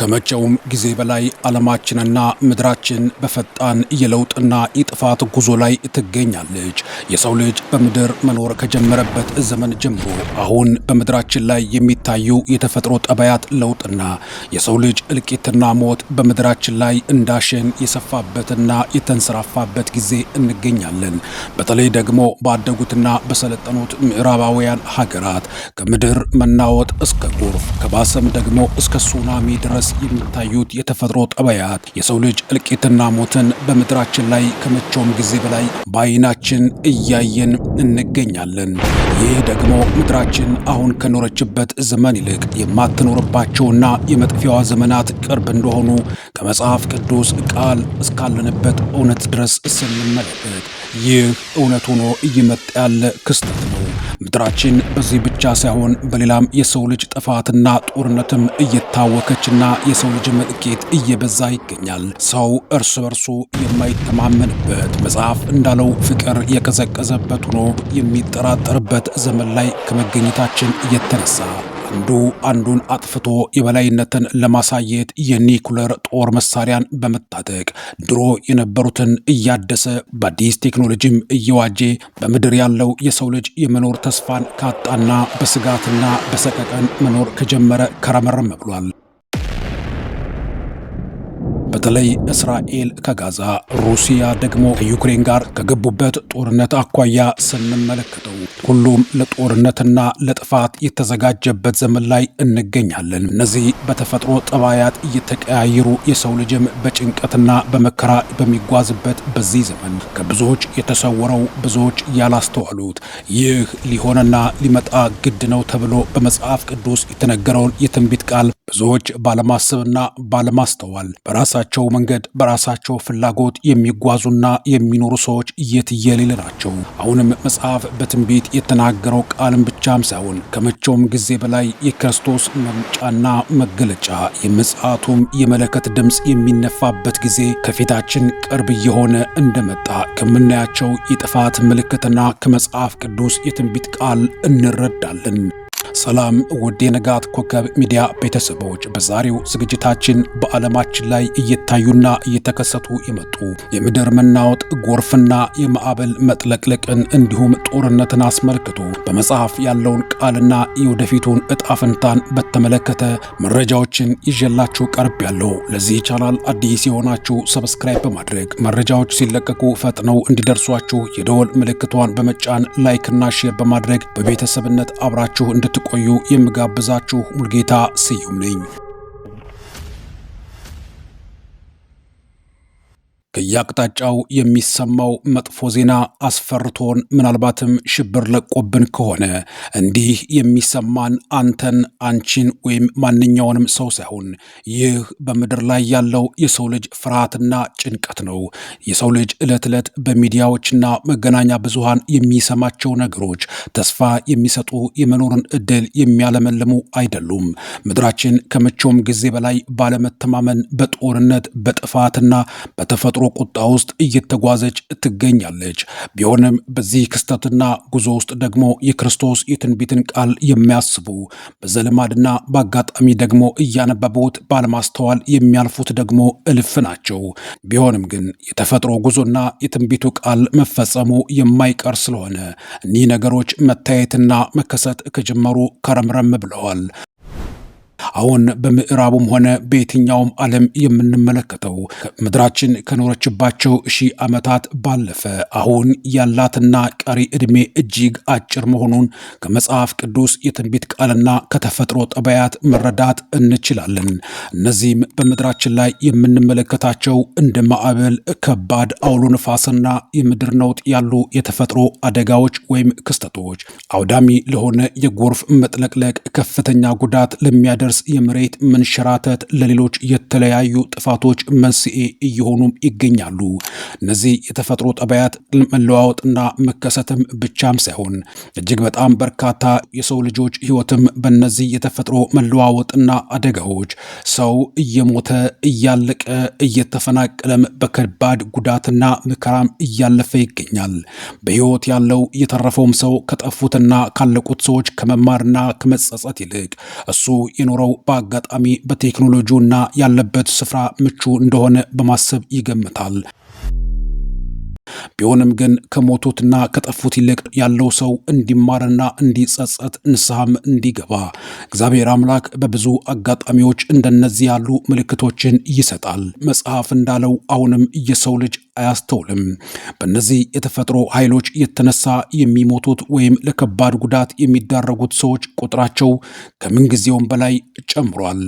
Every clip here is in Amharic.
ከመቼውም ጊዜ በላይ ዓለማችንና ምድራችን በፈጣን የለውጥና የጥፋት ጉዞ ላይ ትገኛለች። የሰው ልጅ በምድር መኖር ከጀመረበት ዘመን ጀምሮ አሁን በምድራችን ላይ የሚታዩ የተፈጥሮ ጠባያት ለውጥና የሰው ልጅ እልቂትና ሞት በምድራችን ላይ እንዳሸን የሰፋበትና የተንሰራፋበት ጊዜ እንገኛለን። በተለይ ደግሞ ባደጉትና በሰለጠኑት ምዕራባውያን ሀገራት ከምድር መናወጥ እስከ ጎርፍ ከባሰም ደግሞ እስከ ሱናሚ ድረስ ድረስ የሚታዩት የተፈጥሮ ጠባያት የሰው ልጅ እልቂትና ሞትን በምድራችን ላይ ከመቼውም ጊዜ በላይ በአይናችን እያየን እንገኛለን። ይህ ደግሞ ምድራችን አሁን ከኖረችበት ዘመን ይልቅ የማትኖርባቸውና የመጥፊያዋ ዘመናት ቅርብ እንደሆኑ ከመጽሐፍ ቅዱስ ቃል እስካለንበት እውነት ድረስ ስንመለከት ይህ እውነት ሆኖ እየመጣ ያለ ክስተት ነው። ምድራችን በዚህ ብቻ ሳይሆን በሌላም የሰው ልጅ ጥፋትና ጦርነትም እየታወከችና የሰው ልጅ መጥቂት እየበዛ ይገኛል። ሰው እርስ በርሱ የማይተማመንበት መጽሐፍ እንዳለው ፍቅር የቀዘቀዘበት ሆኖ የሚጠራጠርበት ዘመን ላይ ከመገኘታችን እየተነሳ። አንዱ አንዱን አጥፍቶ የበላይነትን ለማሳየት የኒኩለር ጦር መሳሪያን በመታጠቅ ድሮ የነበሩትን እያደሰ በአዲስ ቴክኖሎጂም እየዋጀ በምድር ያለው የሰው ልጅ የመኖር ተስፋን ካጣና በስጋትና በሰቀቀን መኖር ከጀመረ ከረመረም ብሏል። በተለይ እስራኤል ከጋዛ ሩሲያ ደግሞ ከዩክሬን ጋር ከገቡበት ጦርነት አኳያ ስንመለከተው ሁሉም ለጦርነትና ለጥፋት የተዘጋጀበት ዘመን ላይ እንገኛለን። እነዚህ በተፈጥሮ ጠባያት እየተቀያየሩ የሰው ልጅም በጭንቀትና በመከራ በሚጓዝበት በዚህ ዘመን ከብዙዎች የተሰወረው ብዙዎች ያላስተዋሉት ይህ ሊሆነና ሊመጣ ግድ ነው ተብሎ በመጽሐፍ ቅዱስ የተነገረውን የትንቢት ቃል ብዙዎች ባለማሰብና ባለማስተዋል በራሳቸው መንገድ በራሳቸው ፍላጎት የሚጓዙና የሚኖሩ ሰዎች የትየሌለ ናቸው። አሁንም መጽሐፍ በትንቢት የተናገረው ቃልም ብቻም ሳይሆን ከመቼውም ጊዜ በላይ የክርስቶስ መምጫና መገለጫ የምጽአቱም የመለከት ድምፅ የሚነፋበት ጊዜ ከፊታችን ቅርብ እየሆነ እንደመጣ ከምናያቸው የጥፋት ምልክትና ከመጽሐፍ ቅዱስ የትንቢት ቃል እንረዳለን። ሰላም ውድ የንጋት ኮከብ ሚዲያ ቤተሰቦች፣ በዛሬው ዝግጅታችን በዓለማችን ላይ እየታዩና እየተከሰቱ የመጡ የምድር መናወጥ፣ ጎርፍና የማዕበል መጥለቅለቅን እንዲሁም ጦርነትን አስመልክቶ በመጽሐፍ ያለውን ቃልና የወደፊቱን እጣፍንታን በተመለከተ መረጃዎችን ይዤላችሁ ቀርብ ያለው። ለዚህ ቻናል አዲስ የሆናችሁ ሰብስክራይብ በማድረግ መረጃዎች ሲለቀቁ ፈጥነው እንዲደርሷችሁ የደወል ምልክቷን በመጫን ላይክና ሼር በማድረግ በቤተሰብነት አብራችሁ እንድትቆ እንድትቆዩ የምጋብዛችሁ ሙልጌታ ስዩም ነኝ። ከየአቅጣጫው የሚሰማው መጥፎ ዜና አስፈርቶን ምናልባትም ሽብር ለቆብን ከሆነ እንዲህ የሚሰማን አንተን፣ አንቺን ወይም ማንኛውንም ሰው ሳይሆን ይህ በምድር ላይ ያለው የሰው ልጅ ፍርሃትና ጭንቀት ነው። የሰው ልጅ ዕለት ዕለት በሚዲያዎችና መገናኛ ብዙሃን የሚሰማቸው ነገሮች ተስፋ የሚሰጡ የመኖርን ዕድል የሚያለመልሙ አይደሉም። ምድራችን ከመቼውም ጊዜ በላይ ባለመተማመን፣ በጦርነት፣ በጥፋትና በተፈጥሮ ቁጣ ውስጥ እየተጓዘች ትገኛለች። ቢሆንም በዚህ ክስተትና ጉዞ ውስጥ ደግሞ የክርስቶስ የትንቢትን ቃል የሚያስቡ በዘልማድና በአጋጣሚ ደግሞ እያነበቡት ባለማስተዋል የሚያልፉት ደግሞ እልፍ ናቸው። ቢሆንም ግን የተፈጥሮ ጉዞና የትንቢቱ ቃል መፈጸሙ የማይቀር ስለሆነ እኒህ ነገሮች መታየትና መከሰት ከጀመሩ ከረምረም ብለዋል። አሁን በምዕራቡም ሆነ በየትኛውም ዓለም የምንመለከተው ምድራችን ከኖረችባቸው ሺህ ዓመታት ባለፈ አሁን ያላትና ቀሪ ዕድሜ እጅግ አጭር መሆኑን ከመጽሐፍ ቅዱስ የትንቢት ቃልና ከተፈጥሮ ጠባያት መረዳት እንችላለን። እነዚህም በምድራችን ላይ የምንመለከታቸው እንደ ማዕበል፣ ከባድ አውሎ ነፋስና የምድር ነውጥ ያሉ የተፈጥሮ አደጋዎች ወይም ክስተቶች አውዳሚ ለሆነ የጎርፍ መጥለቅለቅ፣ ከፍተኛ ጉዳት ለሚያደርስ የመሬት መንሸራተት ለሌሎች የተለያዩ ጥፋቶች መንስኤ እየሆኑም ይገኛሉ። እነዚህ የተፈጥሮ ጠባያት መለዋወጥና መከሰትም ብቻም ሳይሆን እጅግ በጣም በርካታ የሰው ልጆች ህይወትም በእነዚህ የተፈጥሮ መለዋወጥና አደጋዎች ሰው እየሞተ እያለቀ እየተፈናቀለም በከባድ ጉዳትና ምከራም እያለፈ ይገኛል። በህይወት ያለው የተረፈውም ሰው ከጠፉትና ካለቁት ሰዎች ከመማርና ከመጸጸት ይልቅ እሱ የኖረው በአጋጣሚ በቴክኖሎጂውና ያለበት ስፍራ ምቹ እንደሆነ በማሰብ ይገምታል። ቢሆንም ግን ከሞቱትና ከጠፉት ይልቅ ያለው ሰው እንዲማርና እንዲጸጸት ንስሐም እንዲገባ እግዚአብሔር አምላክ በብዙ አጋጣሚዎች እንደነዚህ ያሉ ምልክቶችን ይሰጣል። መጽሐፍ እንዳለው አሁንም የሰው ልጅ አያስተውልም። በእነዚህ የተፈጥሮ ኃይሎች የተነሳ የሚሞቱት ወይም ለከባድ ጉዳት የሚዳረጉት ሰዎች ቁጥራቸው ከምንጊዜውም በላይ ጨምሯል።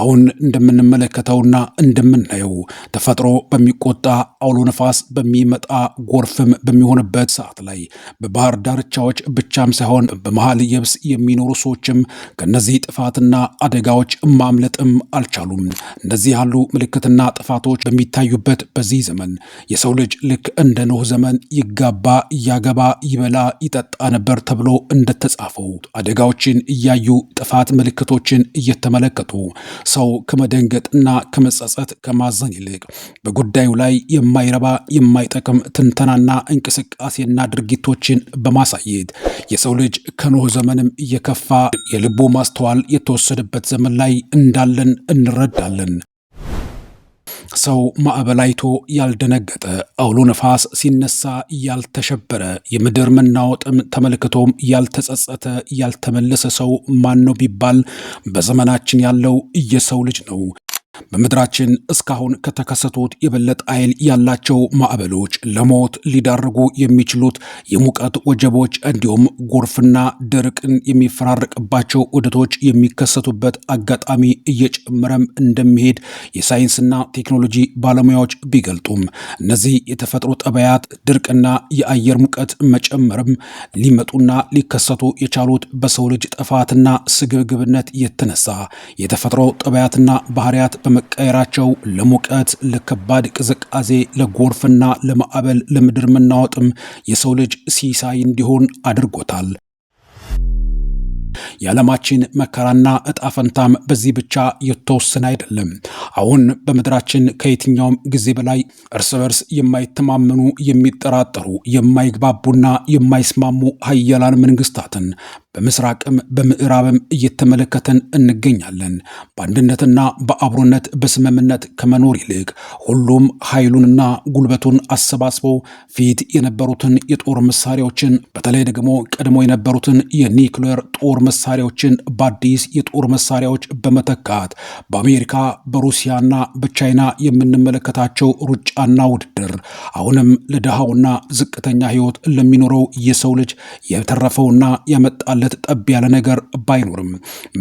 አሁን እንደምንመለከተውና እንደምናየው ተፈጥሮ በሚቆጣ አውሎ ነፋስ በሚመጣ ጎርፍም በሚሆንበት ሰዓት ላይ በባህር ዳርቻዎች ብቻም ሳይሆን በመሀል የብስ የሚኖሩ ሰዎችም ከነዚህ ጥፋትና አደጋዎች ማምለጥም አልቻሉም። እነዚህ ያሉ ምልክትና ጥፋቶች በሚታዩበት በዚህ ዘመን የሰው ልጅ ልክ እንደ ኖህ ዘመን ይጋባ፣ ያገባ፣ ይበላ፣ ይጠጣ ነበር ተብሎ እንደተጻፈው አደጋዎችን እያዩ ጥፋት ምልክቶችን እየተመለከቱ ሰው ከመደንገጥና ከመጸጸት ከማዘን ይልቅ በጉዳዩ ላይ የማይረባ የማይጠቅም ትንተናና እንቅስቃሴና ድርጊቶችን በማሳየት የሰው ልጅ ከኖህ ዘመንም እየከፋ የልቡ ማስተዋል የተወሰደበት ዘመን ላይ እንዳለን እንረዳለን። ሰው ማዕበላይቶ ያልደነገጠ፣ አውሎ ነፋስ ሲነሳ ያልተሸበረ፣ የምድር መናወጥም ተመልክቶም ያልተጸጸተ፣ ያልተመለሰ ሰው ማን ነው ቢባል በዘመናችን ያለው የሰው ልጅ ነው። በምድራችን እስካሁን ከተከሰቱት የበለጠ ኃይል ያላቸው ማዕበሎች ለሞት ሊዳርጉ የሚችሉት የሙቀት ወጀቦች እንዲሁም ጎርፍና ድርቅን የሚፈራረቅባቸው ውደቶች የሚከሰቱበት አጋጣሚ እየጨመረም እንደሚሄድ የሳይንስና ቴክኖሎጂ ባለሙያዎች ቢገልጡም እነዚህ የተፈጥሮ ጠባያት ድርቅና የአየር ሙቀት መጨመርም ሊመጡና ሊከሰቱ የቻሉት በሰው ልጅ ጥፋትና ስግብግብነት የተነሳ የተፈጥሮ ጠባያትና ባህሪያት በመቀየራቸው ለሙቀት፣ ለከባድ ቅዝቃዜ፣ ለጎርፍና ለማዕበል ለምድር መናወጥም የሰው ልጅ ሲሳይ እንዲሆን አድርጎታል። የዓለማችን መከራና እጣ ፈንታም በዚህ ብቻ የተወሰነ አይደለም። አሁን በምድራችን ከየትኛውም ጊዜ በላይ እርስ በርስ የማይተማመኑ፣ የሚጠራጠሩ፣ የማይግባቡና የማይስማሙ ሀያላን መንግስታትን በምስራቅም በምዕራብም እየተመለከተን እንገኛለን። በአንድነትና በአብሮነት በስምምነት ከመኖር ይልቅ ሁሉም ኃይሉንና ጉልበቱን አሰባስበው ፊት የነበሩትን የጦር መሳሪያዎችን በተለይ ደግሞ ቀድሞ የነበሩትን የኒውክሌር ጦር መሳሪያዎችን በአዲስ የጦር መሳሪያዎች በመተካት በአሜሪካ በሩሲያና በቻይና የምንመለከታቸው ሩጫና ውድድር አሁንም ለድሃውና ዝቅተኛ ሕይወት ለሚኖረው የሰው ልጅ የተረፈውና ያመጣል የሚወጣለት ጠብ ያለ ነገር ባይኖርም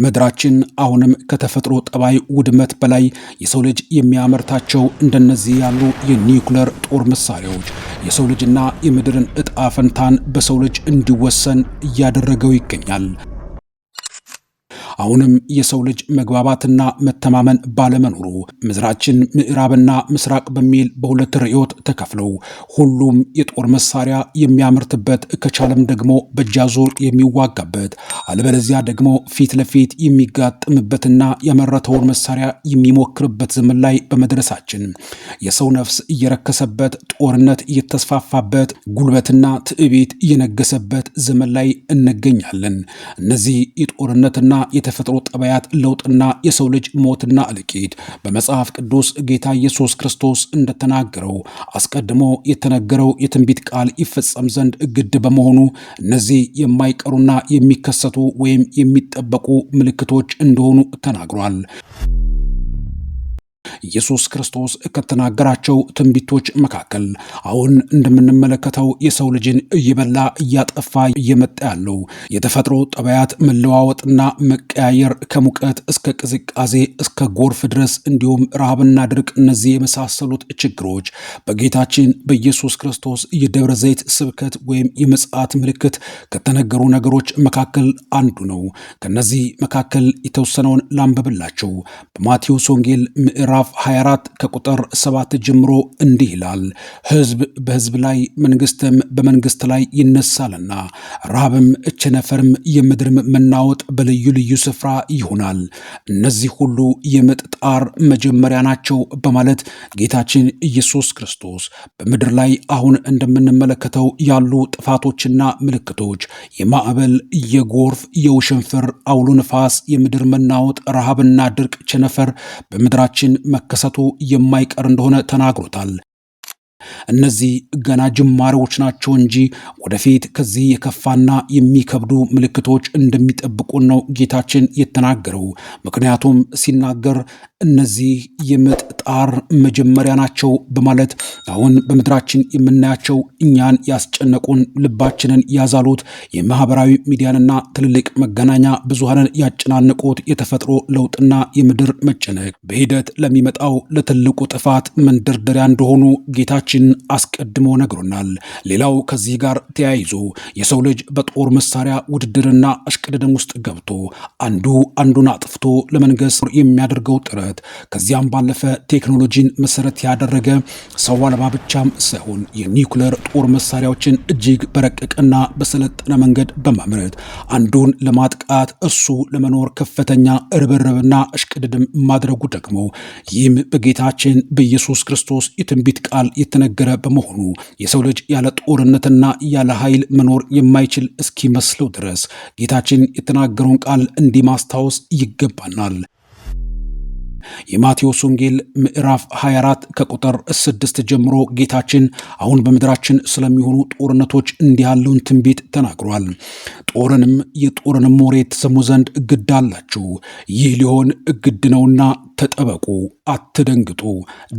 ምድራችን አሁንም ከተፈጥሮ ጠባይ ውድመት በላይ የሰው ልጅ የሚያመርታቸው እንደነዚህ ያሉ የኒውክለር ጦር መሳሪያዎች የሰው ልጅና የምድርን እጣ ፈንታን በሰው ልጅ እንዲወሰን እያደረገው ይገኛል። አሁንም የሰው ልጅ መግባባትና መተማመን ባለመኖሩ ምዝራችን ምዕራብና ምስራቅ በሚል በሁለት ርዕዮት ተከፍለው ሁሉም የጦር መሳሪያ የሚያመርትበት ከቻለም ደግሞ በጃዙር የሚዋጋበት አለበለዚያ ደግሞ ፊት ለፊት የሚጋጥምበትና ያመረተውን መሳሪያ የሚሞክርበት ዘመን ላይ በመድረሳችን የሰው ነፍስ እየረከሰበት፣ ጦርነት እየተስፋፋበት፣ ጉልበትና ትዕቢት እየነገሰበት ዘመን ላይ እንገኛለን። እነዚህ የጦርነትና የተፈጥሮ ጠባያት ለውጥና የሰው ልጅ ሞትና እልቂት በመጽሐፍ ቅዱስ ጌታ ኢየሱስ ክርስቶስ እንደተናገረው አስቀድሞ የተነገረው የትንቢት ቃል ይፈጸም ዘንድ ግድ በመሆኑ እነዚህ የማይቀሩና የሚከሰቱ ወይም የሚጠበቁ ምልክቶች እንደሆኑ ተናግሯል። ኢየሱስ ክርስቶስ ከተናገራቸው ትንቢቶች መካከል አሁን እንደምንመለከተው የሰው ልጅን እየበላ እያጠፋ እየመጣ ያለው የተፈጥሮ ጠባያት መለዋወጥና መቀያየር ከሙቀት እስከ ቅዝቃዜ እስከ ጎርፍ ድረስ እንዲሁም ረሃብና ድርቅ፣ እነዚህ የመሳሰሉት ችግሮች በጌታችን በኢየሱስ ክርስቶስ የደብረ ዘይት ስብከት ወይም የምጽአት ምልክት ከተነገሩ ነገሮች መካከል አንዱ ነው። ከነዚህ መካከል የተወሰነውን ላንብብላቸው በማቴዎስ ወንጌል ምዕራ ምዕራፍ 24 ከቁጥር 7 ጀምሮ እንዲህ ይላል፣ ሕዝብ በሕዝብ ላይ መንግሥትም በመንግሥት ላይ ይነሳልና፣ ረሃብም ቸነፈርም፣ የምድር መናወጥ በልዩ ልዩ ስፍራ ይሆናል። እነዚህ ሁሉ የምጥ ጣር መጀመሪያ ናቸው በማለት ጌታችን ኢየሱስ ክርስቶስ በምድር ላይ አሁን እንደምንመለከተው ያሉ ጥፋቶችና ምልክቶች የማዕበል፣ የጎርፍ፣ የውሽንፍር፣ አውሎ ንፋስ፣ የምድር መናወጥ፣ ረሃብና ድርቅ ቸነፈር በምድራችን መከሰቱ የማይቀር እንደሆነ ተናግሮታል። እነዚህ ገና ጅማሬዎች ናቸው እንጂ ወደፊት ከዚህ የከፋና የሚከብዱ ምልክቶች እንደሚጠብቁን ነው ጌታችን የተናገረው። ምክንያቱም ሲናገር እነዚህ የምጥ ጣር መጀመሪያ ናቸው በማለት አሁን በምድራችን የምናያቸው እኛን ያስጨነቁን ልባችንን ያዛሉት የማህበራዊ ሚዲያንና ትልልቅ መገናኛ ብዙሃንን ያጨናነቁት የተፈጥሮ ለውጥና የምድር መጨነቅ በሂደት ለሚመጣው ለትልቁ ጥፋት መንደርደሪያ እንደሆኑ ጌታችን መሆናችን አስቀድሞ ነግሮናል። ሌላው ከዚህ ጋር ተያይዞ የሰው ልጅ በጦር መሳሪያ ውድድርና እሽቅድድም ውስጥ ገብቶ አንዱ አንዱን አጥፍቶ ለመንገስ የሚያደርገው ጥረት ከዚያም ባለፈ ቴክኖሎጂን መሰረት ያደረገ ሰው አልባ ብቻም ሳይሆን የኒውክለር ጦር መሳሪያዎችን እጅግ በረቀቀና በሰለጠነ መንገድ በማምረት አንዱን ለማጥቃት እሱ ለመኖር ከፍተኛ ርብርብና እሽቅድድም ማድረጉ ደግሞ ይህም በጌታችን በኢየሱስ ክርስቶስ የትንቢት ቃል የተነ የተነገረ በመሆኑ የሰው ልጅ ያለ ጦርነትና ያለ ኃይል መኖር የማይችል እስኪመስለው ድረስ ጌታችን የተናገረውን ቃል እንዲህ ማስታወስ ይገባናል። የማቴዎስ ወንጌል ምዕራፍ 24 ከቁጥር 6 ጀምሮ ጌታችን አሁን በምድራችን ስለሚሆኑ ጦርነቶች እንዲህ ያለውን ትንቢት ተናግሯል። ጦርንም የጦርንም ወሬ የተሰሙ ዘንድ ግድ አላችሁ፣ ይህ ሊሆን ግድ ነውና ተጠበቁ፣ አትደንግጡ፣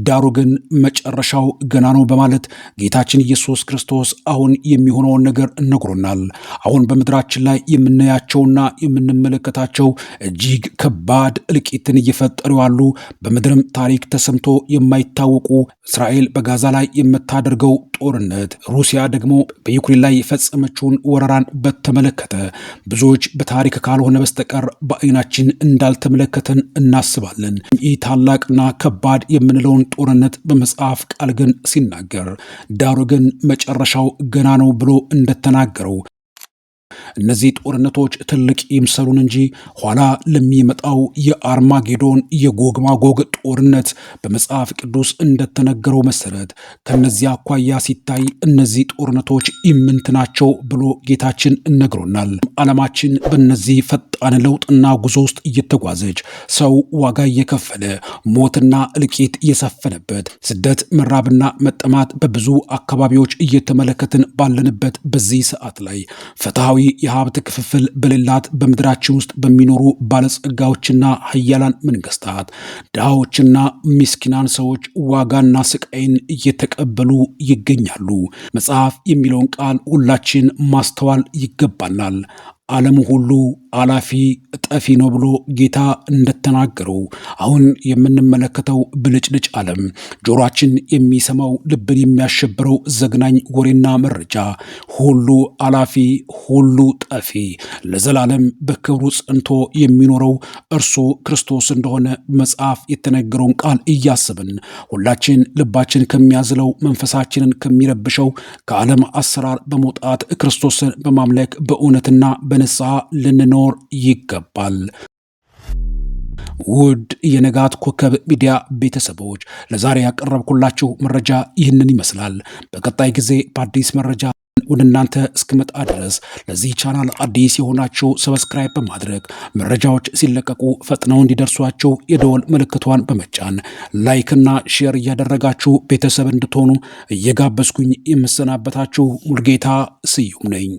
ዳሩ ግን መጨረሻው ገና ነው በማለት ጌታችን ኢየሱስ ክርስቶስ አሁን የሚሆነውን ነገር ነግሮናል። አሁን በምድራችን ላይ የምናያቸውና የምንመለከታቸው እጅግ ከባድ እልቂትን እየፈጠሩ ያሉ በምድርም ታሪክ ተሰምቶ የማይታወቁ እስራኤል በጋዛ ላይ የምታደርገው ጦርነት፣ ሩሲያ ደግሞ በዩክሬን ላይ የፈጸመችውን ወረራን በተመለከተ ብዙዎች በታሪክ ካልሆነ በስተቀር በዓይናችን እንዳልተመለከተን እናስባለን። ይህ ታላቅና ከባድ የምንለውን ጦርነት በመጽሐፍ ቃል ግን ሲናገር፣ ዳሩ ግን መጨረሻው ገና ነው ብሎ እንደተናገረው እነዚህ ጦርነቶች ትልቅ ይምሰሉን እንጂ ኋላ ለሚመጣው የአርማጌዶን የጎግማጎግ ጦርነት በመጽሐፍ ቅዱስ እንደተነገረው መሰረት ከነዚህ አኳያ ሲታይ እነዚህ ጦርነቶች ኢምንት ናቸው ብሎ ጌታችን እነግሮናል። ዓለማችን በነዚህ ፈጣ በፈጣን ለውጥና ጉዞ ውስጥ እየተጓዘች ሰው ዋጋ እየከፈለ ሞትና እልቂት እየሰፈነበት ስደት፣ መራብና መጠማት በብዙ አካባቢዎች እየተመለከትን ባለንበት በዚህ ሰዓት ላይ ፍትሐዊ የሀብት ክፍፍል በሌላት በምድራችን ውስጥ በሚኖሩ ባለጸጋዎችና ሀያላን መንግስታት ድሃዎችና ሚስኪናን ሰዎች ዋጋና ስቃይን እየተቀበሉ ይገኛሉ። መጽሐፍ የሚለውን ቃል ሁላችን ማስተዋል ይገባናል። አለም ሁሉ አላፊ ጠፊ ነው ብሎ ጌታ እንደተናገረው አሁን የምንመለከተው ብልጭልጭ ዓለም ጆሮአችን የሚሰማው ልብን የሚያሸብረው ዘግናኝ ወሬና መረጃ ሁሉ አላፊ ሁሉ ጠፊ ለዘላለም በክብሩ ጸንቶ የሚኖረው እርሱ ክርስቶስ እንደሆነ መጽሐፍ የተነገረውን ቃል እያስብን ሁላችን ልባችን ከሚያዝለው መንፈሳችንን ከሚረብሸው ከዓለም አሰራር በመውጣት ክርስቶስን በማምለክ በእውነትና በነፃ ልንኖር ይገባል። ውድ የንጋት ኮከብ ሚዲያ ቤተሰቦች ለዛሬ ያቀረብኩላችሁ መረጃ ይህንን ይመስላል። በቀጣይ ጊዜ በአዲስ መረጃ ወደ እናንተ እስክመጣ ድረስ ለዚህ ቻናል አዲስ የሆናችሁ ሰብስክራይብ በማድረግ መረጃዎች ሲለቀቁ ፈጥነው እንዲደርሷችሁ የደወል ምልክቷን በመጫን ላይክና ሼር እያደረጋችሁ ቤተሰብ እንድትሆኑ እየጋበዝኩኝ የምሰናበታችሁ ሙልጌታ ስዩም ነኝ።